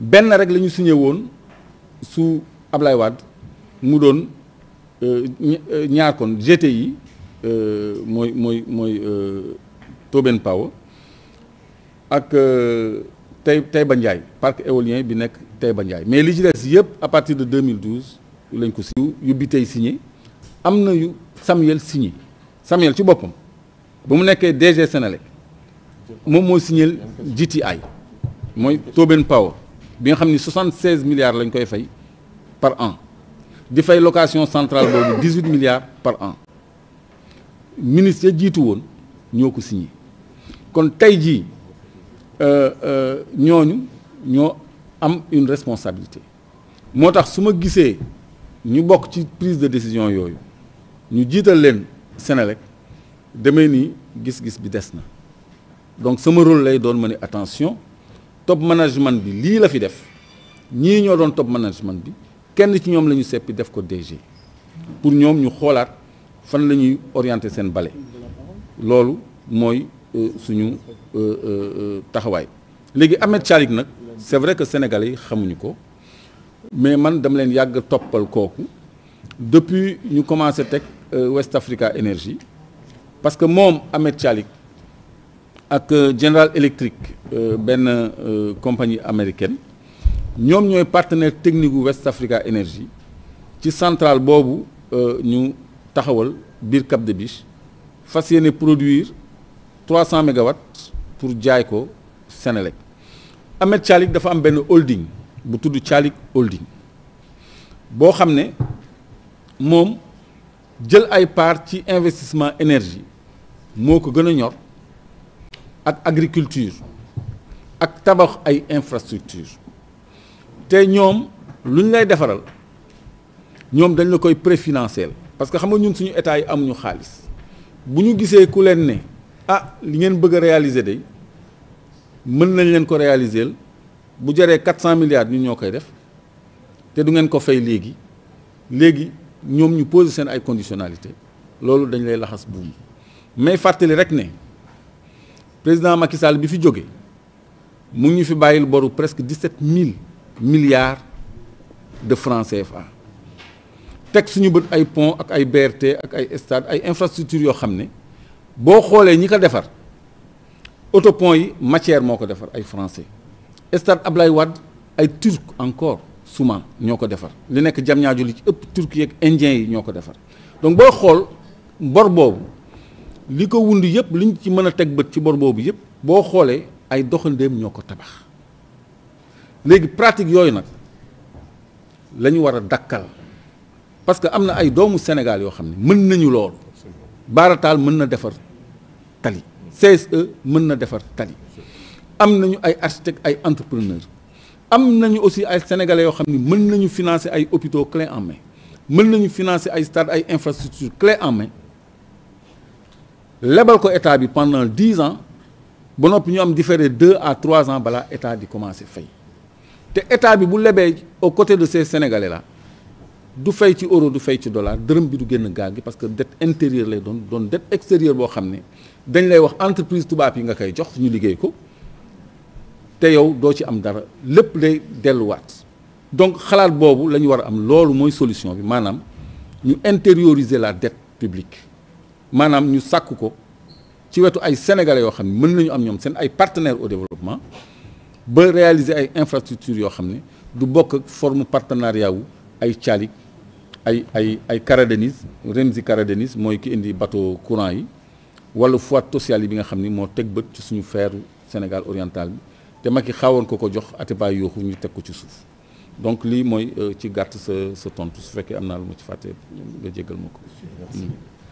benn rek la ñu signé woon su Ablaye mu doon euh, ñaar kon GTI euh, mooy mooy mooy euh, Tobène Power ak tey Taïba Ndiaye parc éolien bi nekk tey ba njaay mais li ci des yëpp à partir de 2012 lañ ko siw yu tey signé am na yu Samuel signé Samuel ci boppam ba mu nekkee DG Sénélec moom moo signé GTI mooy toben Power bi nga xam ni 76 milliards lañ koy fay par an di fay location centrale boobu 18 milliards par an ministre ya jiitu woon ñoo ko signé kon tey jii euh, euh, ñooñu ñoo am une responsabilité moo tax su ma gisee ñu bokk ci prise de décision yooyu ñu jiital leen Senelec demee nii gis-gis bi des na donc sama rôle lay doon ma ne attention top management bi lii la fi def ñii ñoo doon top management bi kenn ci ñoom la ñu seppi def ko DG pour ñoom ñu xoolaat fan la ñuy orienter seen bale loolu mooy euh, suñu euh, euh, taxawaay léegi Ahmed Tchalik nag c'est vrai que sénégalais yi xamuñu ko mais man dama leen yàgg toppal kooku depuis ñu commencé teg West Africa Energy parce que moom Ahmed Tchalik ak euh, General Electric euh, benn euh, compagnie américaine ñoom ñooy partenaire technique wu West Africa Energy ci centrale boobu ñu taxawal biir Cap de Biche fas yéene produire 300 mégawatts pour jaay ko Senelec Ahmed Thialik dafa am benn holding bu tudd Thialik holding boo xam ne moom jël ay part ci investissement énergie moo ko gën a ñor ak agriculture ak tabax ay infrastructure te ñoom lu ñu lay defaral ñoom dañ la koy préfinancé parce que xam nga ñun suñu état yi amuñu xaalis bu ñu gisee ku leen ne ah li ngeen bëgg réaliser day mën nañ leen ko réaliser bu jëree quatre cent milliards ñun ñoo koy def te du ngeen ko fay léegi léegi ñoom ñu poser seen ay conditionnalité loolu dañ lay laxas buum mais fàttali rek ne président Macky Sall bi fi jóge mu ngi ñu fi bàyyil boru presque dix-sept mille milliards de français CFA teg suñu bët ay pont ak ay BRT ak ay stade ay infrastructures yoo xam ne boo xoolee ñi ko defar autopont yi matière moo ko defar ay français stade Ablaye Wade ay turc encore souvent ñoo ko defar li nekk jam Diamniadio li ci ëpp turc yeeg indien yi ñoo ko defar donc boo xool bor boobu li ko wund yëpp liñ ci mën a teg bët ci bor boobu yëpp boo xoolee ay doxandeem ñoo ko tabax léegi pratique yooyu nag la ñu war a dakkal parce que am na ay doomu Sénégal yoo xam ne mën nañu lool baarataal mën na defar tali CSE mën na defar tali am nañu ay architecte ay entrepreneur am nañu aussi ay sénégalais yoo xam ne mën nañu financer ay hôpitaux clé en main mën nañu financé ay stade ay infrastructure clé en main lebal ko état bi pendant dix ans ba noppi ñu am différé deux à trois ans balaa état di commencé fay te état bi bu lebee au côté de ces sénégalais là du fey ci euro du fay ci dollar dërëm bi du génn gaal gi parce que dette intérieur lay doon doon dette extérieure boo xam ne dañ lay wax entreprise tubaab yi nga koy jox ñu liggéey ko te yow doo ci am dara lépp day delluwaat donc xalaat boobu la ñu war a am loolu mooy solution bi maanaam ñu intérioriser la dette publique maanaam ñu sàkk ko ci wetu ay sénégalais yoo xam ne mën nañu am ñoom seen ay partenaires au développement ba réaliser ay infrastructures yoo xam ne du bokk ak forme partenariat wu ay Tchalik ay ay ay Cara Denis Remzi Cara mooy ki indi bateau courant yi wala Fouad Tosyali bi nga xam ni moo teg bët ci suñu feeru Sénégal oriental bi te Macky xawoon ko ko jox Atépa yooxu ñu teg ko ci suuf donc lii mooy euh, ci gàtt sa sa tontu su fekkee am naa lu ma ci fàtte nga jégal ma ko.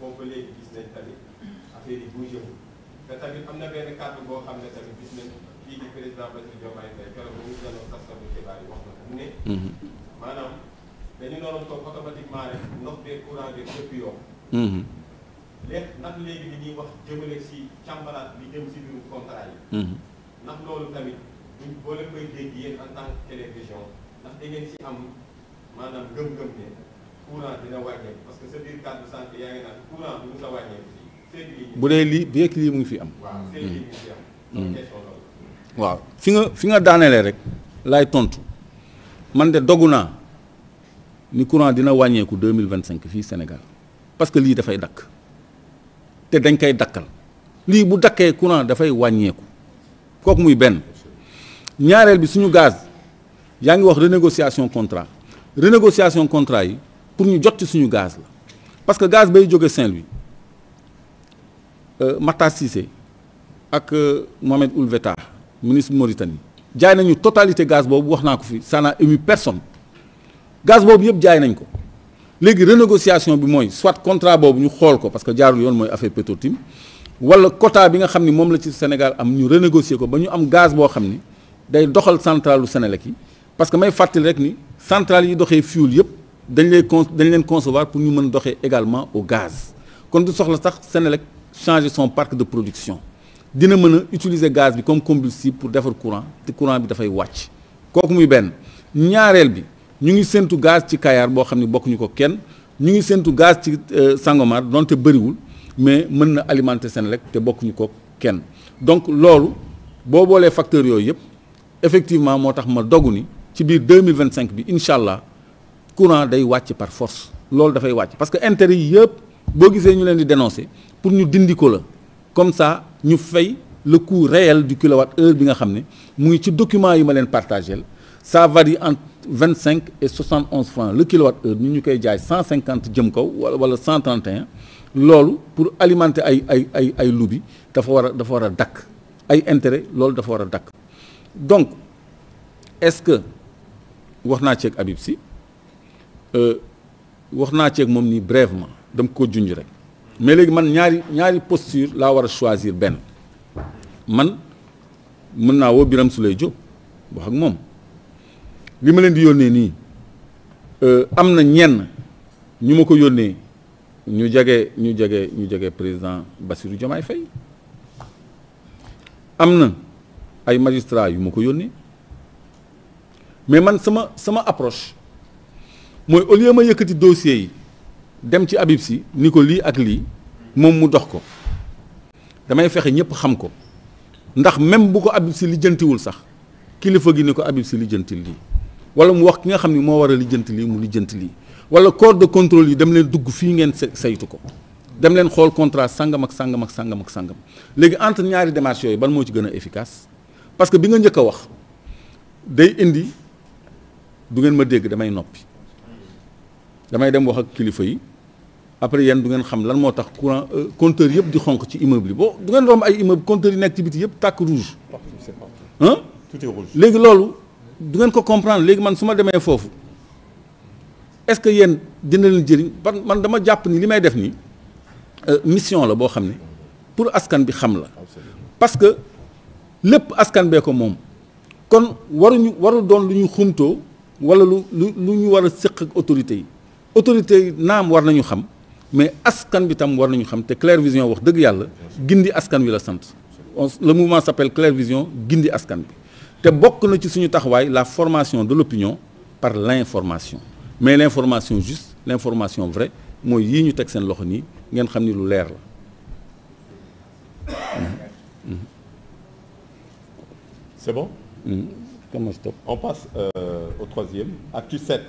boobu léegi gis nañ tamit mm. affaire yi bougé wu te tamit am na benn kàddu boo xam ne tamit gis nañ kii di président Bassirou Diomaye Faye keroog ba mu jëloon taskatu xibaar yi wax na ko mu ne mm-hmm. maanaam dañu noonu toog automatiquement rek ndox bee courant bi yëpp yokk mm-hmm. léegi ndax ñuy wax jëmale si càmbaraat bi jëm si biiru contrat yi mm-hmm. ndax loolu tamit duñ boo leen koy dégg yéen en tant que télévision ndax da ngeen si am maanaam gëm-gëm ne courant dina de bu dee lii bien que lii mu ngi fi am. Hmm. Hmm. waaw fi nga fi nga daanelee rek laay tontu man de dogu naa ni courant dina wàññeeku deux mille vingt cinq fii Sénégal parce que lii dafay dakk te dañ koy dakkal lii bu dakkee courant dafay wàññeeku kooku muy benn ñaareel bi suñu gaz yaa ngi wax renégociation contrat renégociation contrat yi. pour ñu jot ci suñu gaz la parce que gaz bay jóge Saint-Louis euh, Matar Cissé ak euh, Mohamed Ould Vetta ministre Mauritanie jaay nañu totalité gaz boobu wax naa ko fi ça personne gaz boobu yëpp jaay nañ ko léegi renégociation bi mooy soit contrat boobu ñu xool ko parce que jaarul yoon mooy affaire Petro-Tim wala quota bi nga xam ni moom la ci Sénégal am ñu renégocier ko ba ñu am gaz boo xam ni day doxal centralu Sénélec yi parce que may fàttali rek ni centrale yi doxee fuel yëpp dañu lay con dañ leen concevoir pour ñu mën doxee également au gaz kon du soxla sax Senelec changer son parc de production dina mën a utiliser gaz bi comme combustible pour defar courant te courant bi dafay wàcc kooku muy benn ñaareel bi ñu ngi séntu gaz ci Kayar boo xam ne bokkuñu ko kenn ñu ngi séntu gaz ci euh, Sangomar donte bëriwul mais mën na alimenter Senelec te bokkuñu ko kenn donc loolu boo boolee facteur yooyu yëpp effectivement moo tax ma dogu ni ci biir 2025 bi incha allah courant day wàcc par force loolu dafay wàcc parce que intérêt yi yëpp boo gisee ñu leen di dénoncer pour ñu dindi ko la comme ça ñu fay le coût réel du kilowatt heure bi nga xam ne mu ngi ci document yi ma leen partagé ça varie entre vingt cinq et soixante onze francs le kilowatt heure ñu ñu koy jaay cent cinquante jëm kaw wala wala cent trente un loolu pour alimenter ay ay ay ay lobby dafa war a dafa war a dakk ay intérêt loolu dafa war a dakk donc est-ce que wax naa ci ak Euh, wax naa ceeg moom nii brièvement dama ko junj rek mais léegi man ñaari ñaari posture laa war a choisir benn man mën naa woo Birame Souleye Diop wax ak moom li ma leen di yónnee nii euh, am na ñenn ñu ma ko yónnee ñu jege ñu jege ñu jege président Bassirou Diomaye Faye am na ay magistrats yu ma ko yónnee mais man sama sama approche mooy au lieu ma yëkkati dossier yi dem ci Habib si ni ko lii ak lii moom mu dox ko damay fexe ñëpp xam ko ndax même bu ko Habib si lijjantiwul sax kilifa gi ni ko Habib Sy lijjanti lii wala mu wax ki nga xam ni moo war a lijjanti lii mu lijjanti lii wala corps de contrôle yi dem leen dugg fii ngeen saytu ko dem leen xool contrat sangam ak sangam ak sangam ak sangam léegi entre ñaari démarches yi ban moo ci gën a efficace parce que bi nga njëkk a wax day indi du ngeen ma dégg damay noppi. damay dem wax ak kilifa yi après yenn du ngeen xam lan moo tax courant euh, compteur yëpp di xonq ci immeuble yi boo du ngeen romb ay immeuble compteur yi nekk ci yëpp tàkk rouge. ah léegi loolu du ngeen ko comprendre léegi man su ma demee foofu est-ce que yéen dina leen jëriñ man dama jàpp ni li may def nii euh, mission la boo xam ne pour askan bi xam la parce que lépp askan bee ko moom kon waruñu warul doon lu ñuy xumtoo walla lu lu lu ñu war a séq ak autorité yi. autorité yi naam war nañu xam mais askan bi tam war nañu xam te Claire Vision wax dëgg yàlla gindi askan wi la sant le mouvement s'appelle Claire Vision gindi askan bi te bokk na ci suñu taxawaay la formation de l'opinion par l'information mais l'information juste l'information vraie mooy yii ñu teg seen loxo nii ngeen xam ni lu leer la c'est bon mmh. On euh,